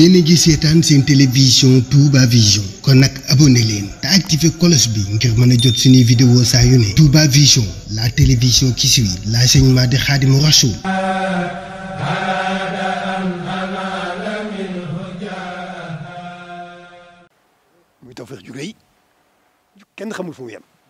yéen a ngi seetaan seen télévision Touba Vision kon nag abonné leen te activé cloche bi ngir mën a jot suñuy vidéo saa yu ne Touba Vision la télévision qui la l'enseignement de Khadimou Rassoul muy tawfeex ju rëy kenn xamul